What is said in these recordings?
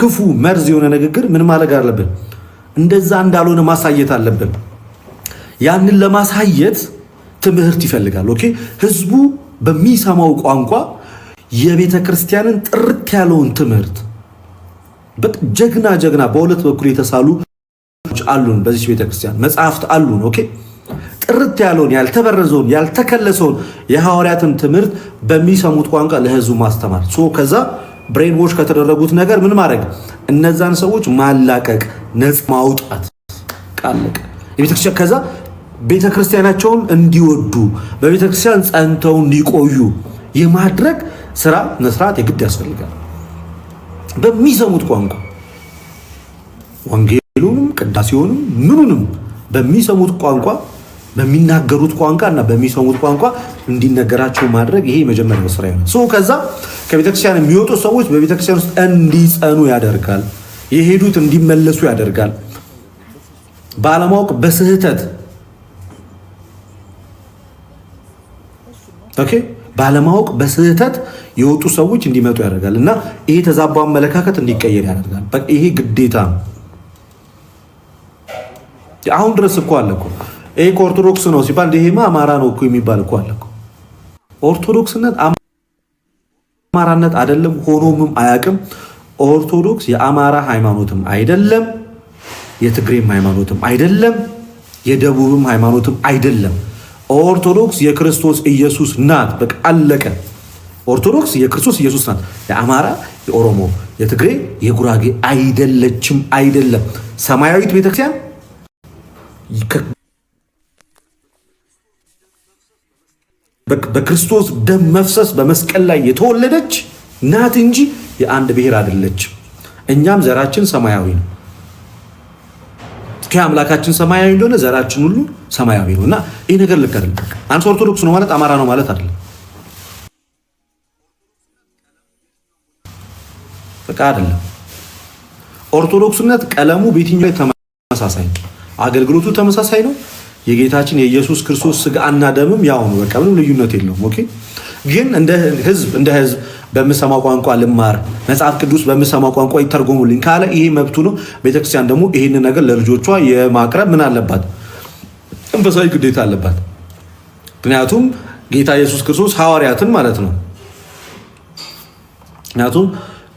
ክፉ መርዝ የሆነ ንግግር ምን ማድረግ አለብን? እንደዛ እንዳልሆነ ማሳየት አለብን። ያንን ለማሳየት ትምህርት ይፈልጋል። ኦኬ ህዝቡ በሚሰማው ቋንቋ የቤተ ክርስቲያንን ጥርት ያለውን ትምህርት ጀግና ጀግና በሁለት በኩል የተሳሉ አሉን። በዚች ቤተ ክርስቲያን መጽሐፍት አሉን። ኦኬ ጥርት ያለውን ያልተበረዘውን ያልተከለሰውን የሐዋርያትን ትምህርት በሚሰሙት ቋንቋ ለህዝቡ ማስተማር ከዛ ብሬን ዎሽ ከተደረጉት ነገር ምን ማድረግ እነዛን ሰዎች ማላቀቅ፣ ነጽ ማውጣት ቃለቅ የቤተክርስቲያን ከዛ ቤተክርስቲያናቸውን እንዲወዱ በቤተክርስቲያን ጸንተው እንዲቆዩ የማድረግ ስራ መስራት የግድ ያስፈልጋል። በሚሰሙት ቋንቋ ወንጌሉንም ቅዳሴውንም ምኑንም በሚሰሙት ቋንቋ በሚናገሩት ቋንቋ እና በሚሰሙት ቋንቋ እንዲነገራቸው ማድረግ ይሄ የመጀመሪያው ስራ ነው። ከዛ ከቤተክርስቲያን የሚወጡ ሰዎች በቤተክርስቲያን ውስጥ እንዲጸኑ ያደርጋል። የሄዱት እንዲመለሱ ያደርጋል። ባለማወቅ በስህተት ኦኬ፣ ባለማወቅ በስህተት የወጡ ሰዎች እንዲመጡ ያደርጋል እና ይሄ ተዛባ አመለካከት እንዲቀየር ያደርጋል። ይሄ ግዴታ ነው። አሁን ድረስ እኮ አለ እኮ ይሄ ኦርቶዶክስ ነው ሲባል ይሄማ አማራ ነው እኮ የሚባል እኮ አለ። ኦርቶዶክስነት አማራነት አይደለም፣ ሆኖምም አያውቅም። ኦርቶዶክስ የአማራ ሃይማኖትም አይደለም፣ የትግሬም ሃይማኖትም አይደለም፣ የደቡብም ሃይማኖትም አይደለም። ኦርቶዶክስ የክርስቶስ ኢየሱስ ናት። በቃ አለቀ። ኦርቶዶክስ የክርስቶስ ኢየሱስ ናት። የአማራ፣ የኦሮሞ፣ የትግሬ፣ የጉራጌ አይደለችም። አይደለም ሰማያዊት ቤተክርስቲያን በክርስቶስ ደም መፍሰስ በመስቀል ላይ የተወለደች ናት እንጂ የአንድ ብሔር አይደለችም። እኛም ዘራችን ሰማያዊ ነው። አምላካችን ሰማያዊ እንደሆነ ዘራችን ሁሉ ሰማያዊ ነው እና ይህ ነገር ልክ አይደለም። አንድ ኦርቶዶክስ ነው ማለት አማራ ነው ማለት አይደለም። በቃ አይደለም። ኦርቶዶክስነት ቀለሙ በየትኛው ላይ ተመሳሳይ ነው። አገልግሎቱ ተመሳሳይ ነው። የጌታችን የኢየሱስ ክርስቶስ ስጋና ደምም ያውኑ በቃ ምንም ልዩነት የለውም። ኦኬ። ግን እንደ ህዝብ እንደ ህዝብ በምሰማው ቋንቋ ልማር፣ መጽሐፍ ቅዱስ በምሰማው ቋንቋ ይተርጉሙልኝ ካለ ይሄ መብቱ ነው። ቤተክርስቲያን ደግሞ ይህንን ነገር ለልጆቿ የማቅረብ ምን አለባት? መንፈሳዊ ግዴታ አለባት። ምክንያቱም ጌታ ኢየሱስ ክርስቶስ ሐዋርያትን ማለት ነው። ምክንያቱም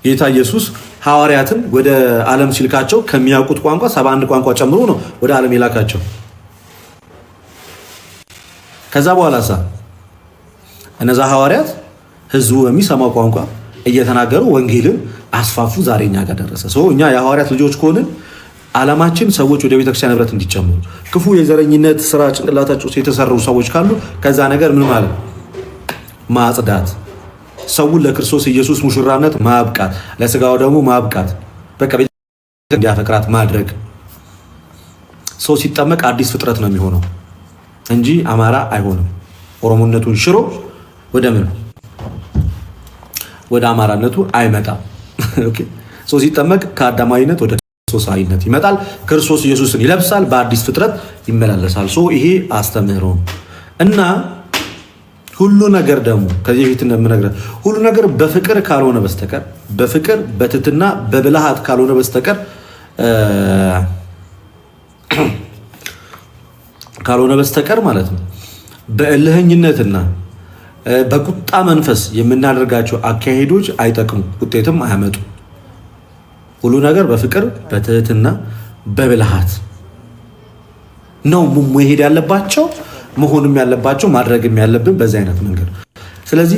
ጌታ ኢየሱስ ሐዋርያትን ወደ ዓለም ሲልካቸው ከሚያውቁት ቋንቋ ሰባ አንድ ቋንቋ ጨምሮ ነው ወደ ዓለም የላካቸው። ከዛ በኋላ ሳ እነዛ ሐዋርያት ህዝቡ በሚሰማው ቋንቋ እየተናገሩ ወንጌልን አስፋፉ። ዛሬ እኛ ጋር ደረሰ። ሰው እኛ የሐዋርያት ልጆች ከሆንን ዓላማችን ሰዎች ወደ ቤተክርስቲያን ህብረት እንዲጨምሩ፣ ክፉ የዘረኝነት ስራ ጭንቅላታቸው ውስጥ የተሰሩ ሰዎች ካሉ ከዛ ነገር ምን ማለት ማጽዳት፣ ሰውን ለክርስቶስ ኢየሱስ ሙሽራነት ማብቃት፣ ለስጋው ደግሞ ማብቃት፣ በቃ እንዲያፈቅራት ማድረግ። ሰው ሲጠመቅ አዲስ ፍጥረት ነው የሚሆነው። እንጂ አማራ አይሆንም። ኦሮሞነቱን ሽሮ ወደ ምን ወደ አማራነቱ አይመጣም። ሲጠመቅ ከአዳማዊነት ወደ ክርስቶሳዊነት ይመጣል። ክርስቶስ ኢየሱስን ይለብሳል፣ በአዲስ ፍጥረት ይመላለሳል። ይሄ አስተምህሮ ነው እና ሁሉ ነገር ደግሞ ከዚህ በፊት እንደምነግረህ ሁሉ ነገር በፍቅር ካልሆነ በስተቀር በፍቅር በትትና በብልሃት ካልሆነ በስተቀር ካልሆነ በስተቀር ማለት ነው በእልህኝነትና በቁጣ መንፈስ የምናደርጋቸው አካሄዶች አይጠቅሙ፣ ውጤትም አያመጡ። ሁሉ ነገር በፍቅር በትህትና በብልሃት ነው መሄድ ያለባቸው መሆንም ያለባቸው ማድረግም ያለብን በዚህ አይነት መንገድ። ስለዚህ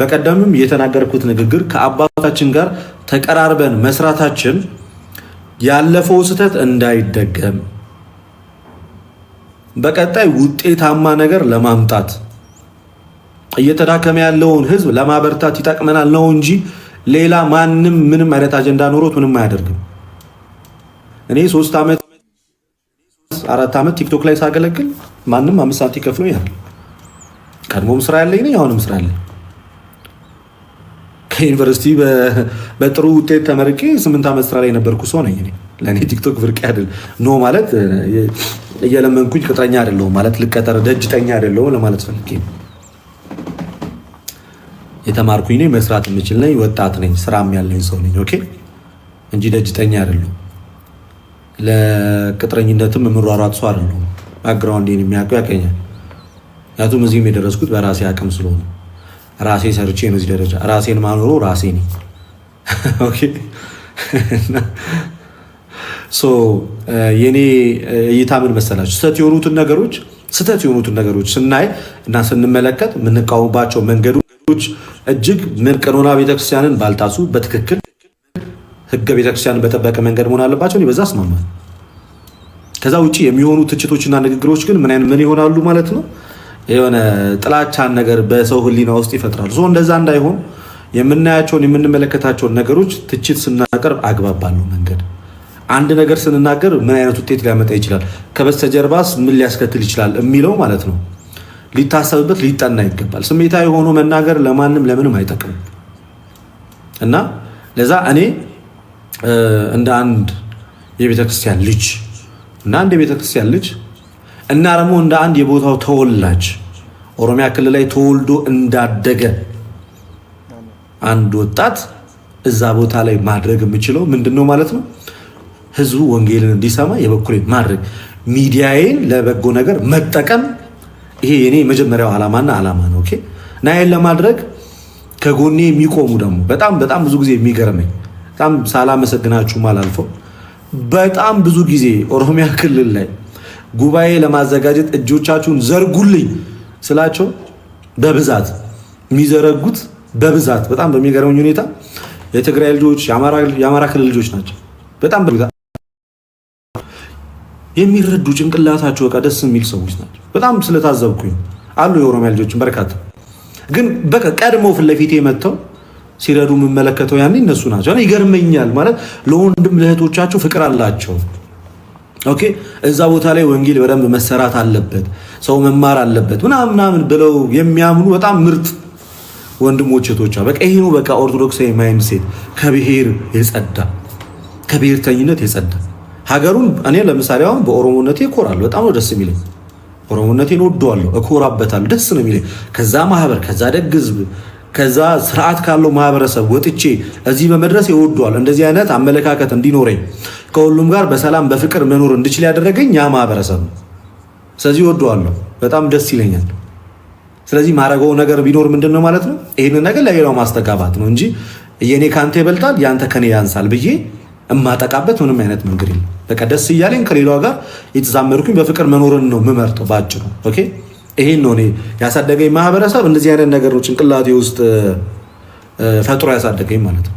በቀደምም የተናገርኩት ንግግር ከአባታችን ጋር ተቀራርበን መስራታችን ያለፈው ስህተት እንዳይደገም በቀጣይ ውጤታማ ነገር ለማምጣት እየተዳከመ ያለውን ህዝብ ለማበርታት ይጠቅመናል ነው እንጂ ሌላ ማንም ምንም አይነት አጀንዳ ኖሮት ምንም አያደርግም። እኔ ሶስት ዓመት አራት ዓመት ቲክቶክ ላይ ሳገለግል ማንም አምስት ሰዓት ይከፍሎ ያል ቀድሞም ስራ ያለኝ ነኝ፣ አሁንም ስራ ያለኝ ከዩኒቨርሲቲ በጥሩ ውጤት ተመርቄ ስምንት ዓመት ስራ ላይ የነበርኩ ሰው ነኝ። ለእኔ ቲክቶክ ብርቅ ያድል ኖ ማለት እየለመንኩኝ ቅጥረኛ አይደለሁም ማለት ልቀጠር ደጅተኛ አይደለሁም ለማለት ፈልጌ የተማርኩኝ ነኝ፣ መስራት የምችል ነኝ፣ ወጣት ነኝ፣ ስራም ያለኝ ሰው ነኝ። ኦኬ እንጂ ደጅተኛ አይደለሁም። ለቅጥረኝነትም የምሯሯጥ ሰው አይደለሁም። ባክግራውንዴን የሚያውቀው ያቀኛል። ያቱም እዚህም የደረስኩት በራሴ አቅም ስለሆነ ራሴ ሰርቼ ነው እዚህ ደረጃ ራሴን ማኖሩ ራሴ ነኝ። ኦኬ የኔ እይታ ምን መሰላችሁ? ስህተት የሆኑትን ነገሮች ስህተት የሆኑትን ነገሮች ስናይ እና ስንመለከት የምንቃወምባቸው መንገዶች እጅግ ምን ቀኖና ቤተክርስቲያንን ባልጣሱ በትክክል ህገ ቤተክርስቲያንን በጠበቀ መንገድ መሆን አለባቸው። በዛ አስማማል። ከዛ ውጭ የሚሆኑ ትችቶችና ንግግሮች ግን ምን ምን ይሆናሉ ማለት ነው የሆነ ጥላቻን ነገር በሰው ህሊና ውስጥ ይፈጥራሉ። ሶ እንደዛ እንዳይሆን የምናያቸውን የምንመለከታቸውን ነገሮች ትችት ስናቀርብ አግባብ ባለው መንገድ አንድ ነገር ስንናገር ምን አይነት ውጤት ሊያመጣ ይችላል፣ ከበስተጀርባስ ምን ሊያስከትል ይችላል የሚለው ማለት ነው ሊታሰብበት ሊጠና ይገባል። ስሜታዊ ሆኖ መናገር ለማንም ለምንም አይጠቅምም እና ለዛ እኔ እንደ አንድ የቤተክርስቲያን ልጅ እና አንድ የቤተክርስቲያን ልጅ እና ደግሞ እንደ አንድ የቦታው ተወላጅ ኦሮሚያ ክልል ላይ ተወልዶ እንዳደገ አንድ ወጣት እዛ ቦታ ላይ ማድረግ የምችለው ምንድን ነው ማለት ነው ህዝቡ ወንጌልን እንዲሰማ የበኩሌን ማድረግ ሚዲያዬን ለበጎ ነገር መጠቀም ይሄ የኔ የመጀመሪያው ዓላማና ዓላማ ነው። ኦኬ እና ለማድረግ ከጎኔ የሚቆሙ ደግሞ በጣም በጣም ብዙ ጊዜ የሚገርመኝ በጣም ሳላመሰግናችሁም አላልፈው በጣም ብዙ ጊዜ ኦሮሚያ ክልል ላይ ጉባኤ ለማዘጋጀት እጆቻችሁን ዘርጉልኝ ስላቸው በብዛት የሚዘረጉት በብዛት በጣም በሚገርመኝ ሁኔታ የትግራይ ልጆች፣ የአማራ ክልል ልጆች ናቸው። በጣም በብዛት የሚረዱ ጭንቅላታቸው በቃ ደስ የሚል ሰዎች ናቸው። በጣም ስለታዘብኩኝ አሉ የኦሮሚያ ልጆችን በርካታ ግን በቃ ቀድሞ ፊት ለፊቴ መጥተው ሲረዱ የምመለከተው ያኔ እነሱ ናቸው። ይገርመኛል ማለት ለወንድም ለእህቶቻቸው ፍቅር አላቸው። ኦኬ እዛ ቦታ ላይ ወንጌል በደንብ መሰራት አለበት፣ ሰው መማር አለበት ምናምን ምናምን ብለው የሚያምኑ በጣም ምርጥ ወንድሞች እህቶቻ በቃ ይሄ ነው በቃ ኦርቶዶክሳዊ ማይንድ ከብሔር የጸዳ ከብሔርተኝነት የጸዳ ሀገሩን እኔ ለምሳሌ አሁን በኦሮሞነቴ እኮራለሁ። በጣም ነው ደስ የሚለኝ። ኦሮሞነቴን ወደዋለሁ፣ እኮራበታለሁ። ደስ ነው የሚለኝ። ከዛ ማህበር፣ ከዛ ደግ ህዝብ፣ ከዛ ስርዓት ካለው ማህበረሰብ ወጥቼ እዚህ በመድረስ ይወደዋል እንደዚህ አይነት አመለካከት እንዲኖረኝ ከሁሉም ጋር በሰላም በፍቅር መኖር እንድችል ያደረገኝ ያ ማህበረሰብ ነው። ስለዚህ እወደዋለሁ፣ በጣም ደስ ይለኛል። ስለዚህ ማረገው ነገር ቢኖር ምንድን ነው ማለት ነው፣ ይህንን ነገር ለሌላው ማስተጋባት ነው እንጂ የኔ ከአንተ ይበልጣል፣ ያንተ ከኔ ያንሳል ብዬ የማጠቃበት ምንም አይነት መንገድ የለም። በቃ ደስ እያለኝ ከሌሏ ጋር የተዛመርኩኝ በፍቅር መኖርን ነው የምመርጠው ባጭሩ። ኦኬ ይሄን ነው እኔ ያሳደገኝ ማህበረሰብ እንደዚህ አይነት ነገር ነው ጭንቅላቴ ውስጥ ፈጥሮ ያሳደገኝ ማለት ነው።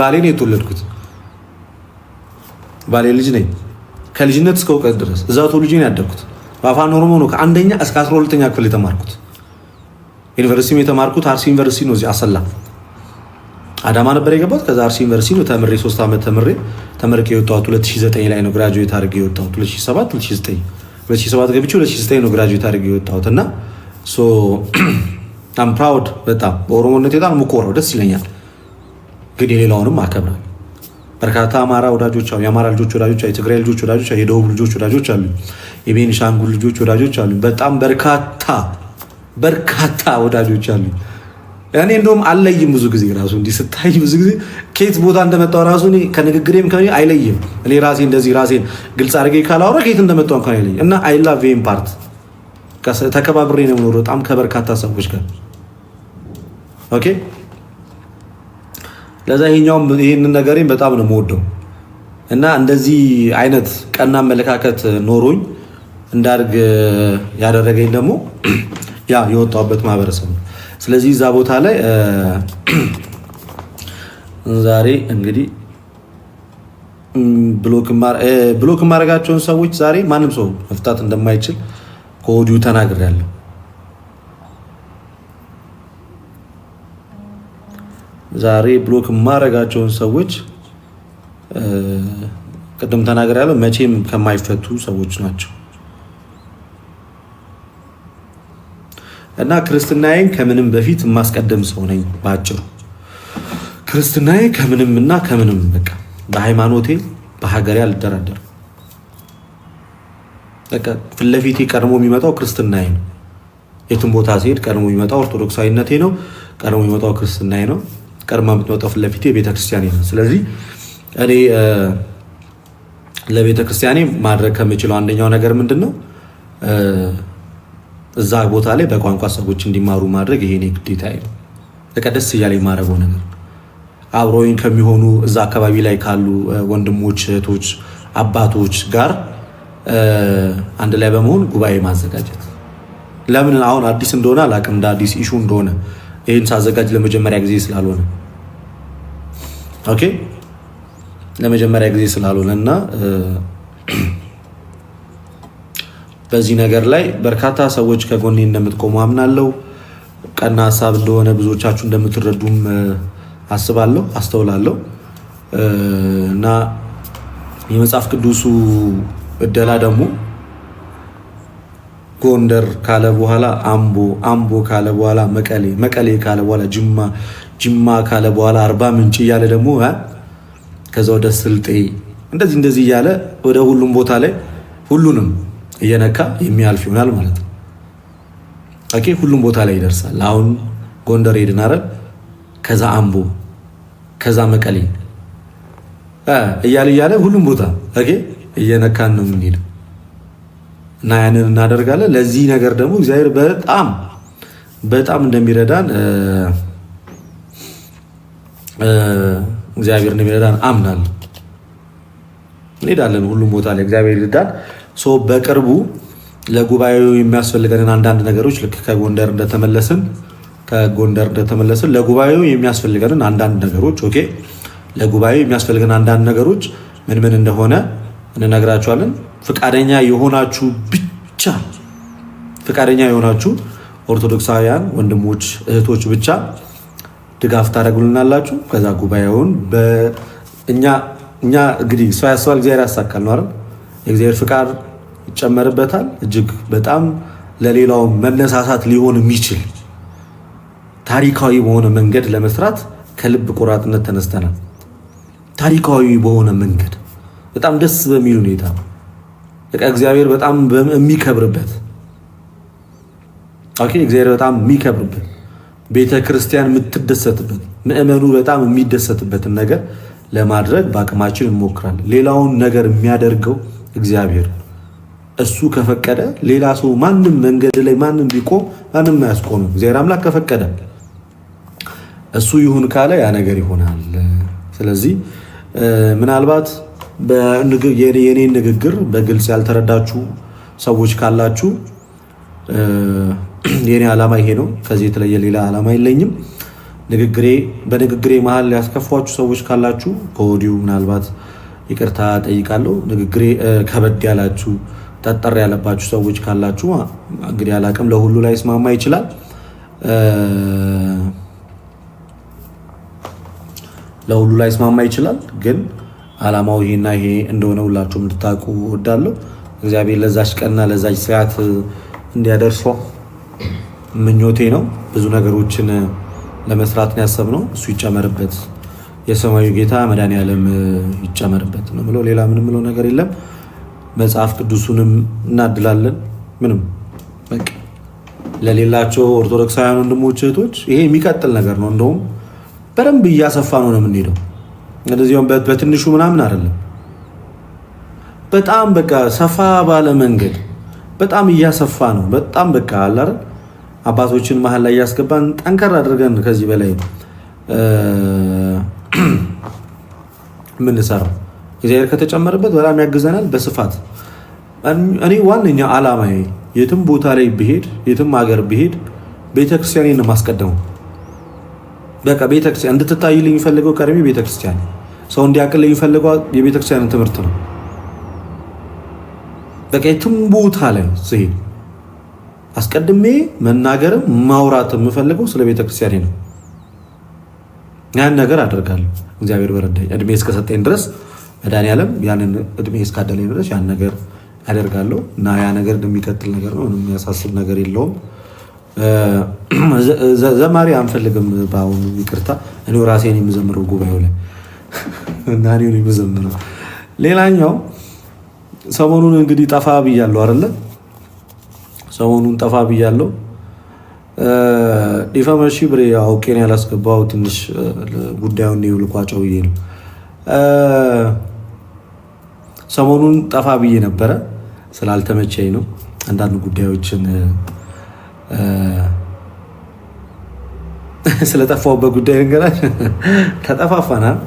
ባሌ ነው የተወለድኩት፣ ባሌ ልጅ ነኝ። ከልጅነት እስከ እውቀት ድረስ እዛ ተወልጄ ነው ያደግኩት። በአፋን ኦሮሞ ነው ከአንደኛ እስከ አስራ ሁለተኛ ክፍል የተማርኩት። ዩኒቨርሲቲም የተማርኩት አርሲ ዩኒቨርሲቲ ነው እዚህ አሰላፍ አዳማ ነበር የገባት። ከዛ አርሲ ዩኒቨርሲቲ ነው ተምሬ ሶስት ዓመት ተምሬ ተመርቄ የወጣሁት 2009 ላይ ነው ግራጁዌት አድርጌ የወጣሁት 2007 2009 2007 ገብቼ 2009 ነው ግራጁዌት አድርጌ የወጣሁት እና ሶ በጣም ፕራውድ በጣም በኦሮሞነት በጣም የምኮራው ደስ ይለኛል። ግን የሌላውንም አከብራል። በርካታ አማራ ወዳጆች አሉ። የአማራ ልጆች ወዳጆች፣ የትግራይ ልጆች ወዳጆች፣ የደቡብ ልጆች ወዳጆች አሉ። የቤኒሻንጉል ልጆች ወዳጆች አሉ። በጣም በርካታ በርካታ ወዳጆች አሉ። እኔ እንደውም አለይም ብዙ ጊዜ ራሱ እንዲህ ስታይ ብዙ ጊዜ ከየት ቦታ እንደመጣው ራሱ እኔ ከንግግሬም ከ አይለይም። እኔ ራሴ እንደዚህ ራሴን ግልጽ አድርጌ ካላወራ ከየት እንደመጣው እንኳን አይለይም። እና አይላ ቬም ፓርት ተከባብሬ ነው የምኖረው በጣም ከበርካታ ሰዎች ጋር ኦኬ። ለዛ ይሄኛውም ይህንን ነገሬን በጣም ነው የምወደው እና እንደዚህ አይነት ቀና አመለካከት ኖሮኝ እንዳርግ ያደረገኝ ደግሞ ያ የወጣሁበት ማህበረሰብ ነው። ስለዚህ እዛ ቦታ ላይ ዛሬ እንግዲህ ብሎክ የማረጋቸውን ሰዎች ዛሬ ማንም ሰው መፍታት እንደማይችል ከወዲሁ ተናግሬያለሁ። ዛሬ ብሎክ የማረጋቸውን ሰዎች ቅድም ተናግሬያለሁ። መቼም ከማይፈቱ ሰዎች ናቸው። እና ክርስትናዬን ከምንም በፊት የማስቀደም ሰው ነኝ። በአጭሩ ክርስትናዬ ከምንም እና ከምንም በቃ በሃይማኖቴ በሀገሬ አልደራደርም። በቃ ፊት ቀድሞ የሚመጣው ክርስትናዬ ነው። የትም ቦታ ሲሄድ ቀድሞ የሚመጣው ኦርቶዶክሳዊነቴ ነው። ቀድሞ የሚመጣው ክርስትናዬ ነው። ቀድማ የምትመጣው ፊት ቤተክርስቲያኔ ነው። ስለዚህ እኔ ለቤተክርስቲያኔ ማድረግ ከምችለው አንደኛው ነገር ምንድን ነው እዛ ቦታ ላይ በቋንቋ ሰዎች እንዲማሩ ማድረግ ይሄ እኔ ግዴታ በቃ ደስ እያለ የማደርገው ነገር አብሮኝ ከሚሆኑ እዛ አካባቢ ላይ ካሉ ወንድሞች፣ እህቶች፣ አባቶች ጋር አንድ ላይ በመሆን ጉባኤ ማዘጋጀት ለምን አሁን አዲስ እንደሆነ አላውቅም። እንደ አዲስ ኢሹ እንደሆነ ይህን ሳዘጋጅ ለመጀመሪያ ጊዜ ስላልሆነ ኦኬ፣ ለመጀመሪያ ጊዜ ስላልሆነ እና በዚህ ነገር ላይ በርካታ ሰዎች ከጎኔ እንደምትቆሙ አምናለሁ። ቀና ሀሳብ እንደሆነ ብዙዎቻችሁ እንደምትረዱም አስባለሁ፣ አስተውላለሁ እና የመጽሐፍ ቅዱሱ እደላ ደግሞ ጎንደር ካለ በኋላ አምቦ፣ አምቦ ካለ በኋላ መቀሌ፣ መቀሌ ካለ በኋላ ጅማ፣ ጅማ ካለ በኋላ አርባ ምንጭ እያለ ደግሞ ከዛ ወደ ስልጤ እንደዚህ እንደዚህ እያለ ወደ ሁሉም ቦታ ላይ ሁሉንም እየነካ የሚያልፍ ይሆናል ማለት ነው። ሁሉም ቦታ ላይ ይደርሳል። አሁን ጎንደር ሄድን አይደል? ከዛ አምቦ፣ ከዛ መቀሌ እያለ እያለ ሁሉም ቦታ እየነካን ነው የምንሄደው እና ያንን እናደርጋለን። ለዚህ ነገር ደግሞ እግዚአብሔር በጣም በጣም እንደሚረዳን እግዚአብሔር እንደሚረዳን አምናለሁ። እንሄዳለን ሁሉም ቦታ ላይ እግዚአብሔር ይርዳን። ሶ በቅርቡ ለጉባኤው የሚያስፈልገንን አንዳንድ ነገሮች ልክ ከጎንደር እንደተመለስን ከጎንደር እንደተመለስን ለጉባኤው የሚያስፈልገንን አንዳንድ ነገሮች ኦኬ፣ ለጉባኤው የሚያስፈልገን አንዳንድ ነገሮች ምን ምን እንደሆነ እንነግራችኋለን። ፍቃደኛ የሆናችሁ ብቻ ፍቃደኛ የሆናችሁ ኦርቶዶክሳውያን ወንድሞች እህቶች ብቻ ድጋፍ ታደርጉልናላችሁ። ከዛ ጉባኤውን እኛ እንግዲህ ሰው ያስባል እግዚአብሔር ያሳካል ነው አይደል? የእግዚአብሔር ፍቃድ ይጨመርበታል። እጅግ በጣም ለሌላው መነሳሳት ሊሆን የሚችል ታሪካዊ በሆነ መንገድ ለመስራት ከልብ ቆራጥነት ተነስተናል። ታሪካዊ በሆነ መንገድ በጣም ደስ በሚል ሁኔታ በቃ እግዚአብሔር በጣም የሚከብርበት ኦኬ እግዚአብሔር በጣም የሚከብርበት ቤተ ክርስቲያን የምትደሰትበት ምእመኑ በጣም የሚደሰትበትን ነገር ለማድረግ በአቅማችን እንሞክራለን። ሌላውን ነገር የሚያደርገው እግዚአብሔር እሱ ከፈቀደ ሌላ ሰው ማንም መንገድ ላይ ማንም ቢቆም ማንም አያስቆምም። እግዚአብሔር አምላክ ከፈቀደ እሱ ይሁን ካለ ያ ነገር ይሆናል። ስለዚህ ምናልባት የኔን ንግግር በግልጽ ያልተረዳችሁ ሰዎች ካላችሁ የኔ ዓላማ ይሄ ነው። ከዚህ የተለየ ሌላ ዓላማ የለኝም። ንግግሬ በንግግሬ መሀል ያስከፏችሁ ሰዎች ካላችሁ ከወዲሁ ምናልባት ይቅርታ ጠይቃለሁ። ንግግሬ ከበድ ያላችሁ ጠጠር ያለባችሁ ሰዎች ካላችሁ እንግዲህ አላቅም፣ ለሁሉ ላይ ስማማ ይችላል። ለሁሉ ላይ ስማማ ይችላል፣ ግን አላማው ይሄና ይሄ እንደሆነ ሁላችሁ እንድታውቁ እወዳለሁ። እግዚአብሔር ለዛች ቀንና ለዛች ሰዓት እንዲያደርሷ ምኞቴ ነው። ብዙ ነገሮችን ለመስራት ነው እሱ ይጨመርበት። የሰማዩ ጌታ መድኃኔ ዓለም ይጨመርበት ነው ብሎ ሌላ ምንም ብሎ ነገር የለም። መጽሐፍ ቅዱሱንም እናድላለን። ምንም በቃ ለሌላቸው ኦርቶዶክሳውያን ወንድሞች እህቶች ይሄ የሚቀጥል ነገር ነው። እንደውም በደንብ እያሰፋ ነው ነው የምንሄደው። እንደዚሁም በትንሹ ምናምን አይደለም። በጣም በቃ ሰፋ ባለ መንገድ በጣም እያሰፋ ነው። በጣም በቃ አላረ አባቶችን መሀል ላይ እያስገባን ጠንከር አድርገን ከዚህ በላይ የምንሰራው እግዚአብሔር ከተጨመረበት በጣም ያግዘናል በስፋት እኔ ዋነኛ አላማ የትም ቦታ ላይ ብሄድ የትም ሀገር ብሄድ ቤተክርስቲያኔን ነው ማስቀደሙ በቃ ቤተክርስቲያን እንድትታይልኝ የሚፈልገው ቀድሜ ቤተክርስቲያን፣ ሰው እንዲያቅል የሚፈልገው የቤተክርስቲያን ትምህርት ነው። በቃ የትም ቦታ ላይ ስሄድ አስቀድሜ መናገርም ማውራት የምፈልገው ስለ ቤተክርስቲያኔ ነው። ያን ነገር አደርጋለሁ። እግዚአብሔር በረዳኝ እድሜ እስከሰጠኝ ድረስ መድኃኒዓለም ያንን እድሜ እስካደለኝ ድረስ ያን ነገር ያደርጋለሁ እና ያ ነገር የሚቀጥል ነገር ነው። የሚያሳስብ ነገር የለውም። ዘማሪ አንፈልግም። በአሁኑ ይቅርታ፣ እኔ ራሴን የምዘምረው ጉባኤው ላይ እና እኔን የምዘምረው ሌላኛው ሰሞኑን እንግዲህ ጠፋ ብያለሁ አይደለ? ሰሞኑን ጠፋ ብያለሁ። ዲፈመሺ ብሬ አውቄን ያላስገባው ትንሽ ጉዳዩ ጉዳዩን ልቋጨው ብዬ ነው። ሰሞኑን ጠፋ ብዬ ነበረ ስላልተመቸኝ ነው። አንዳንድ ጉዳዮችን ስለጠፋሁበት ጉዳይ ንገራች ተጠፋፋናል።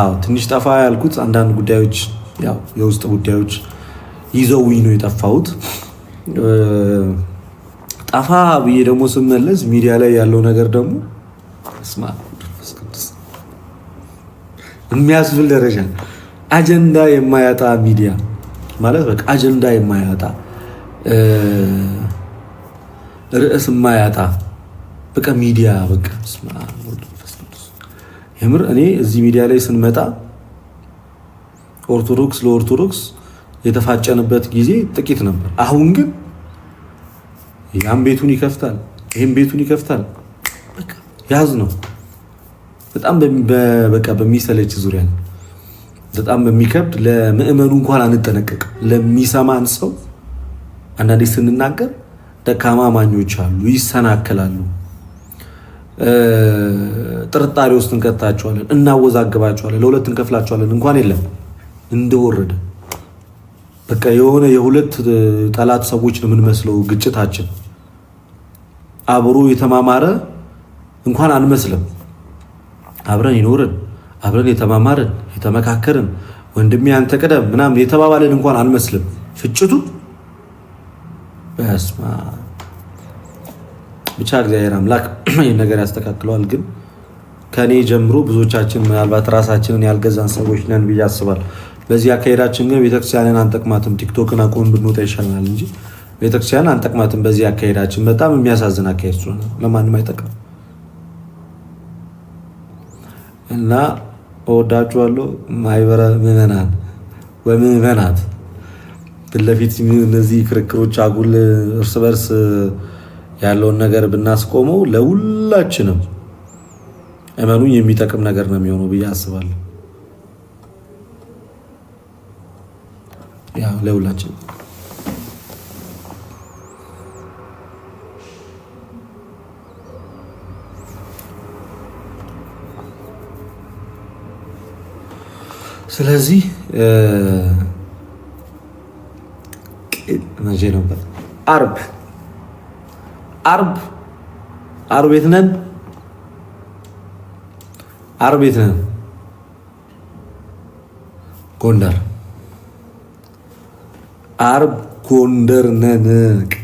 አዎ ትንሽ ጠፋ ያልኩት አንዳንድ ጉዳዮች ያው የውስጥ ጉዳዮች ይዘውኝ ነው የጠፋሁት። ጠፋ ብዬ ደግሞ ስመለስ ሚዲያ ላይ ያለው ነገር ደግሞ የሚያስብል ደረጃ አጀንዳ የማያጣ ሚዲያ ማለት በቃ አጀንዳ የማያጣ ርዕስ የማያጣ በቃ ሚዲያ በቃ የምር እኔ እዚህ ሚዲያ ላይ ስንመጣ ኦርቶዶክስ ለኦርቶዶክስ የተፋጨንበት ጊዜ ጥቂት ነበር። አሁን ግን ያም ቤቱን ይከፍታል፣ ይህም ቤቱን ይከፍታል። ያዝ ነው። በጣም በቃ በሚሰለች ዙሪያ ነው። በጣም በሚከብድ ለምእመኑ እንኳን አንጠነቀቅም። ለሚሰማን ሰው አንዳንዴ ስንናገር ደካማ ማኞች አሉ፣ ይሰናከላሉ፣ ጥርጣሬ ውስጥ እንከታቸዋለን፣ እናወዛግባቸዋለን፣ ለሁለት እንከፍላቸዋለን። እንኳን የለም እንደወረደ በቃ የሆነ የሁለት ጠላት ሰዎች ነው የምንመስለው ግጭታችን አብሮ የተማማረ እንኳን አንመስልም። አብረን ይኖርን አብረን የተማማርን የተመካከርን ወንድሜ አንተ ቅደም ምናምን የተባባልን እንኳን አንመስልም። ፍጭቱ በስማ ብቻ እግዚአብሔር አምላክ ይህን ነገር ያስተካክለዋል። ግን ከእኔ ጀምሮ ብዙዎቻችን ምናልባት ራሳችንን ያልገዛን ሰዎች ነን ብዬ በዚህ አካሄዳችን ግን ቤተክርስቲያንን አንጠቅማትም፣ ቲክቶክን አቁም ብንወጣ ይሻልናል እንጂ ቤተክርስቲያን አንጠቅማትም። በዚህ አካሄዳችን በጣም የሚያሳዝን አካሄድ ስለሆነ ለማንም አይጠቅም እና እወዳችኋለሁ። ማህበረ ምዕመናን ወምዕመናት ፊት እነዚህ ክርክሮች አጉል እርስ በርስ ያለውን ነገር ብናስቆመው ለሁላችንም እመኑኝ የሚጠቅም ነገር ነው የሚሆነው ብዬ አስባለሁ። ያው ስለዚህ መቼ ነበር? አርብ አርብ አርብ የት ነን? አርብ የት ነን? ጎንደር አርብ ጎንደር ነን።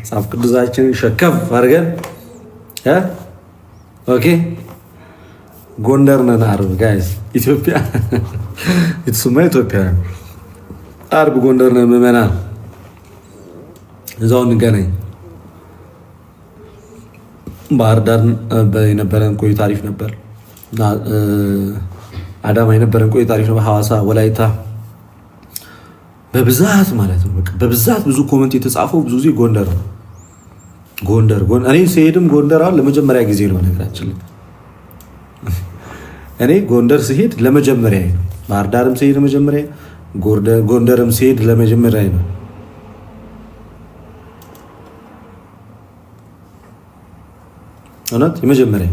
መጽሐፍ ቅዱሳችንን ሸከፍ አድርገን ኦኬ ጎንደር ነን አርብ ጋይዝ ኢትዮጵያ የተሱማ ኢትዮጵያ አርብ ጎንደር ነን ምመና እዛው እንገናኝ። ባህር ዳር የነበረን ቆይታ አሪፍ ነበር። አዳማ የነበረን ቆይታ አሪፍ ነበር። ሐዋሳ፣ ወላይታ በብዛት ማለት ነው። በብዛት ብዙ ኮመንት የተጻፈው ብዙ ጊዜ ጎንደር ነው። ጎንደር እኔ ሲሄድም ጎንደር አሁን ለመጀመሪያ ጊዜ ነው ነገራችን ላይ እኔ ጎንደር ስሄድ ለመጀመሪያ ነው። ባህር ዳርም ስሄድ ለመጀመሪያ፣ ጎንደርም ስሄድ ለመጀመሪያ ነው። እውነት የመጀመሪያ።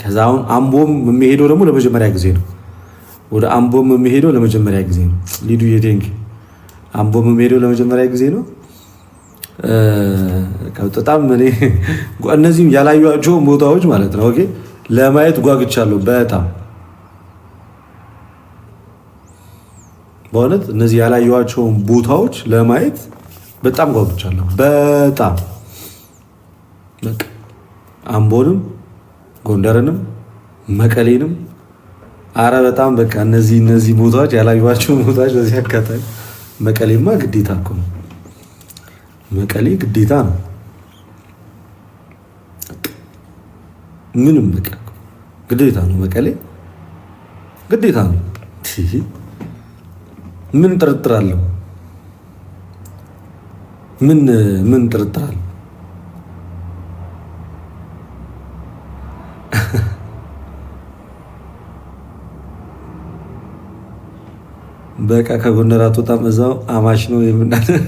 ከዛ አሁን አምቦም የሚሄደው ደግሞ ለመጀመሪያ ጊዜ ነው። ወደ አምቦም የሚሄደው ለመጀመሪያ ጊዜ ነው። ሊዱ የቴንክ አምቦም የሚሄደው ለመጀመሪያ ጊዜ ነው። በጣም እኔ እነዚህም ያላዩቸው ቦታዎች ማለት ነው ኦኬ ለማየት ጓግቻለሁ። በጣም በእውነት እነዚህ ያላየኋቸውን ቦታዎች ለማየት በጣም ጓግቻለሁ። በጣም አምቦንም፣ ጎንደርንም፣ መቀሌንም አረ በጣም በቃ እነዚህ እነዚህ ቦታዎች ያላየኋቸውን ቦታዎች በዚህ አጋጣሚ መቀሌማ ግዴታ እኮ ነው መቀሌ ግዴታ ነው። ምንም በቃ ግዴታ ነው። መቀሌ ግዴታ ነው። ምን ጥርጥር አለው? ምን ምን ጥርጥር አለው? በቃ ከጎንደር አትወጣም። እዛው አማሽ ነው የምናደርግ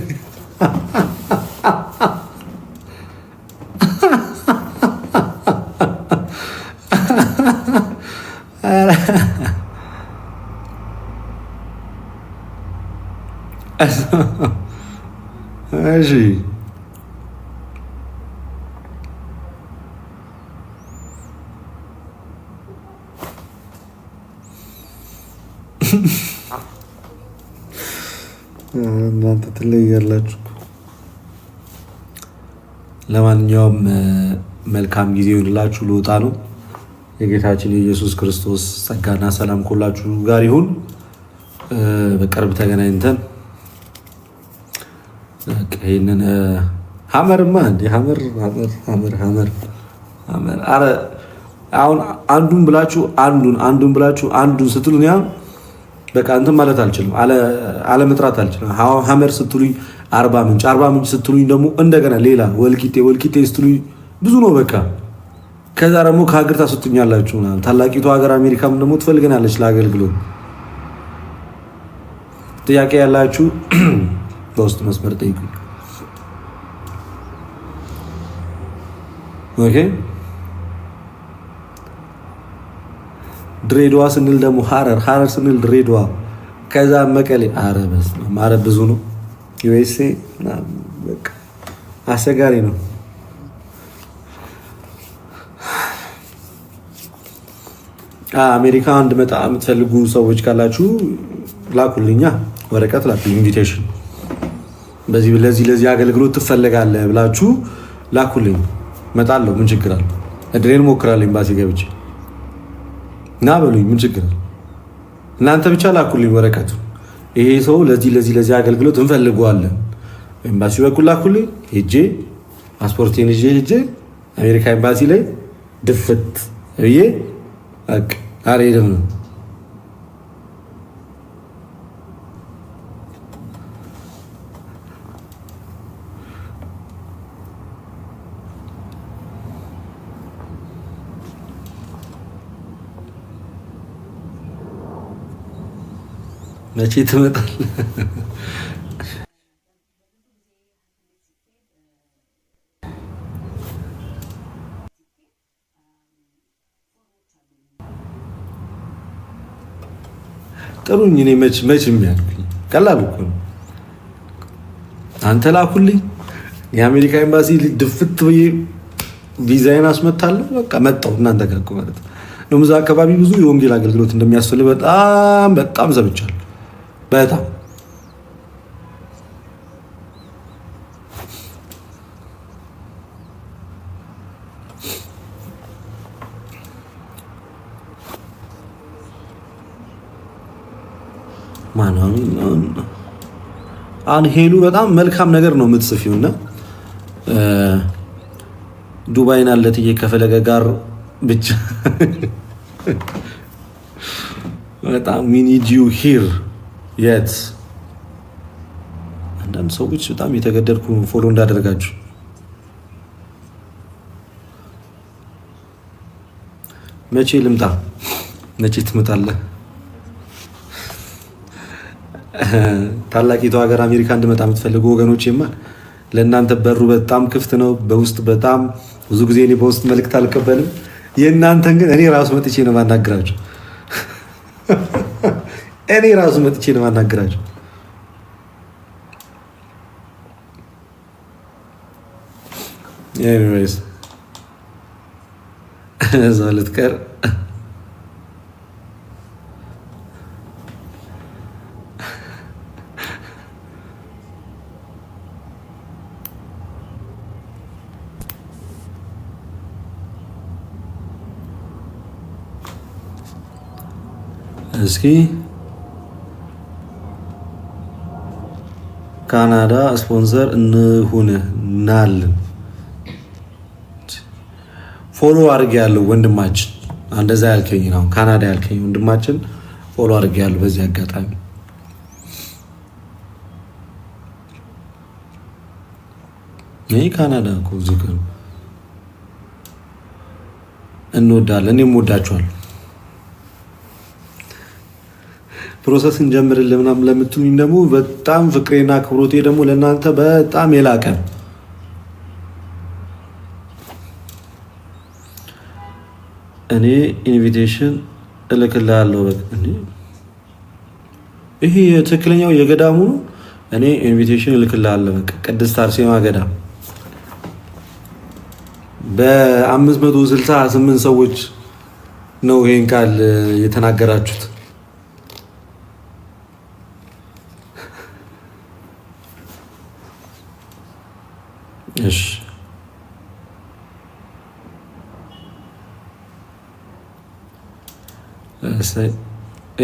እሺ eh, እናንተ ትለያላችሁ። ለማንኛውም eh, መልካም ጊዜ ይሁንላችሁ። ልወጣ ነው። የጌታችን የኢየሱስ ክርስቶስ ጸጋና ሰላም ከሁላችሁ ጋር ይሁን። eh, በቅርብ ተገናኝተን ይህንን ሀመርማ እንዲ ሀመር ሀመር ሀመር ሀመር አረ አሁን አንዱን ብላችሁ አንዱን አንዱን ብላችሁ አንዱን ስትሉ ያ በቃ እንትን ማለት አልችልም፣ አለመጥራት አልችልም። ሀመር ስትሉኝ አርባ ምንጭ፣ አርባ ምንጭ ስትሉኝ ደግሞ እንደገና ሌላ ወልቂጤ፣ ወልቂጤ ስትሉኝ ብዙ ነው በቃ። ከዛ ደግሞ ከሀገር ታስጡኛላችሁ። ታላቂቱ ሀገር አሜሪካም ደግሞ ትፈልገናለች ለአገልግሎት። ጥያቄ ያላችሁ በውስጥ መስመር ጠይቁኝ። ድሬዳዋ ስንል ደግሞ ሀረር፣ ሀረር ስንል ድሬዳዋ፣ ከዛ መቀሌ። ኧረ በስመ አብ ብዙ ነው። ዩኤስኤ አስቸጋሪ ነው። አሜሪካ አንድ መጣ የምትፈልጉ ሰዎች ካላችሁ ላኩልኛ፣ ወረቀት ላ ኢንቪቴሽን በዚህ ለዚህ ለዚህ አገልግሎት ትፈለጋለህ ብላችሁ ላኩልኝ። እመጣለሁ። ምን ችግር አለ? እድሌን እሞክራለሁ። ኤምባሲ ገብቼ ና በሉኝ። ምን ችግር አለ? እናንተ ብቻ ላኩልኝ ወረቀቱ። ይሄ ሰው ለዚህ ለዚህ ለዚህ አገልግሎት እንፈልገዋለን። ኤምባሲ በኩል ላኩልኝ። ሄጄ ፓስፖርቴን ይዤ ሄጄ አሜሪካ ኤምባሲ ላይ ድፍት ብዬ አሬ ነው መቼ ትመጣል? ጥሩኝ። እኔ መች መች የሚያልኩኝ ቀላል እኮ ነው። አንተ ላኩልኝ የአሜሪካ ኤምባሲ ድፍት ብዬ ቪዛዬን አስመታለሁ። በቃ መጣሁ እናንተ ጋር ማለት ነው። እዛ አካባቢ ብዙ የወንጌል አገልግሎት እንደሚያስፈልግ በጣም በጣም ሰምቻለሁ። በጣም አሁን ሄሉ በጣም መልካም ነገር ነው የምትጽፊው እና ዱባይን አለትዬ ከፈለገ ጋር ብቻ በጣም ሚኒድ ዩ ሂር የት አንዳንድ ሰዎች በጣም የተገደድኩ ፎሎ እንዳደርጋችሁ መቼ ልምጣ? መቼ ትመጣለህ? ታላቂቷ ሀገር አሜሪካ እንድመጣ የምትፈልጉ ማ ለእናንተ በሩ በጣም ክፍት ነው። በውስጥ በጣም ብዙ ጊዜ እኔ በውስጥ መልክት አልቀበልም። የእናንተን ግን እኔ ራሱ መጥቼ ነው ማናግራችሁ። እኔ ራሱ መጥቼ ነው ማናገራቸው። ኤኒዌይስ እዛው ልትቀር እስኪ ካናዳ ስፖንሰር እንሆንናለን። ፎሎ አድርግ ያለው ወንድማችን እንደዛ ያልከኝ ነው። ካናዳ ያልከኝ ወንድማችን ፎሎ አድርግ ያለው በዚህ አጋጣሚ ይህ ካናዳ እኮ እዚህ እንወዳለን። እኔም ወዳችኋለሁ። ፕሮሰስ እንጀምርልን ምናምን ለምትሉኝ ደግሞ በጣም ፍቅሬና ክብሮቴ ደግሞ ለእናንተ በጣም የላቀ ነው። እኔ ኢንቪቴሽን እልክላለሁ። ይሄ ትክክለኛው የገዳሙ ነው። እኔ ኢንቪቴሽን እልክላለሁ። በቃ ቅድስት አርሴማ ገዳም በ568 ሰዎች ነው ይሄን ቃል የተናገራችሁት። እሺ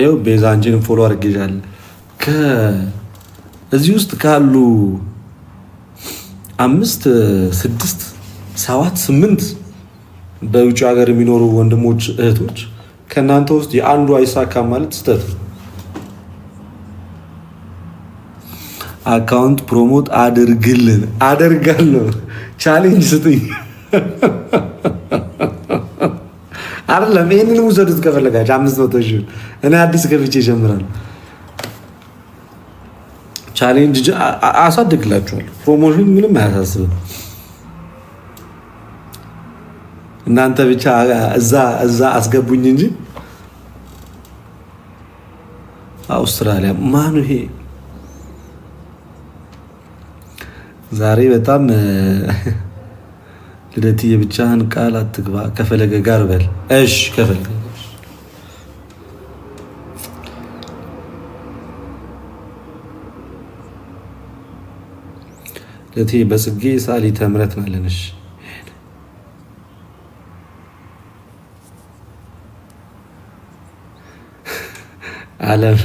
ይኸው ቤዛ አንቺንም ፎሎ አድርጌሻል። ከእዚህ ውስጥ ካሉ አምስት ስድስት ሰባት ስምንት በውጭ ሀገር የሚኖሩ ወንድሞች እህቶች ከእናንተ ውስጥ የአንዱ ማለት አካውንት ፕሮሞት አድርግልን። አደርጋለሁ። ቻሌንጅ ስጥኝ አይደለም። ይህንን ውሰዱት ከፈለጋችሁ አምስት መቶ ሺህ እኔ አዲስ ገብቼ ይጀምራል። ቻሌንጅ አሳድግላችኋለሁ። ፕሮሞሽን ምንም አያሳስብም። እናንተ ብቻ እዛ እዛ አስገቡኝ እንጂ አውስትራሊያ ማኑ ይሄ ዛሬ በጣም ልደትዬ ብቻህን ቃል አትግባ፣ ከፈለገ ጋር በል። እሽ ከፈለገ ለቲ በጽጌ ሳሊ ተምረት ናለንሽ አለም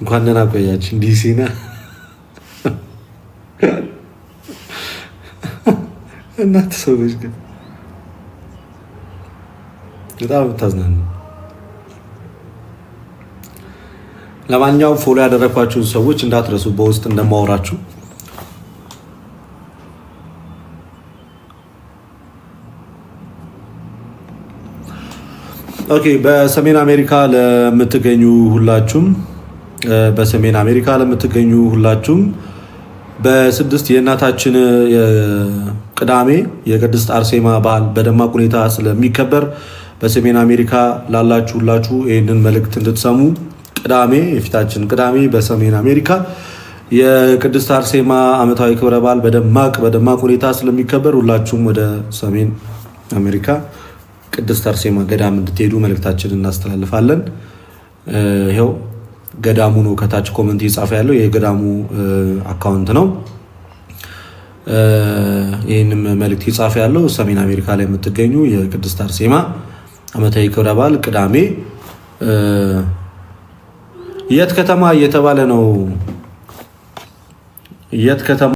እንኳን ደህና ቆያችን ዲሲና እናንተ ሰዎች ግን በጣም የምታዝናኑ። ለማንኛውም ፎሎ ያደረግኳችሁን ሰዎች እንዳትረሱ በውስጥ እንደማወራችሁ ኦኬ በሰሜን አሜሪካ ለምትገኙ ሁላችሁም በሰሜን አሜሪካ ለምትገኙ ሁላችሁም በስድስት የእናታችን ቅዳሜ የቅድስት አርሴማ በዓል በደማቅ ሁኔታ ስለሚከበር በሰሜን አሜሪካ ላላችሁ ሁላችሁ ይህንን መልእክት እንድትሰሙ ቅዳሜ የፊታችን ቅዳሜ በሰሜን አሜሪካ የቅድስት አርሴማ ዓመታዊ ክብረ በዓል በደማቅ በደማቅ ሁኔታ ስለሚከበር ሁላችሁም ወደ ሰሜን አሜሪካ ቅድስት አርሴማ ገዳም እንድትሄዱ መልእክታችን እናስተላልፋለን። ይኸው ገዳሙ ነው ከታች ኮመንት እየጻፈ ያለው የገዳሙ አካውንት ነው። ይህንም መልእክት እየጻፈ ያለው ሰሜን አሜሪካ ላይ የምትገኙ የቅድስት አርሴማ ዓመታዊ ክብረ በዓል ቅዳሜ የት ከተማ እየተባለ ነው የት ከተማ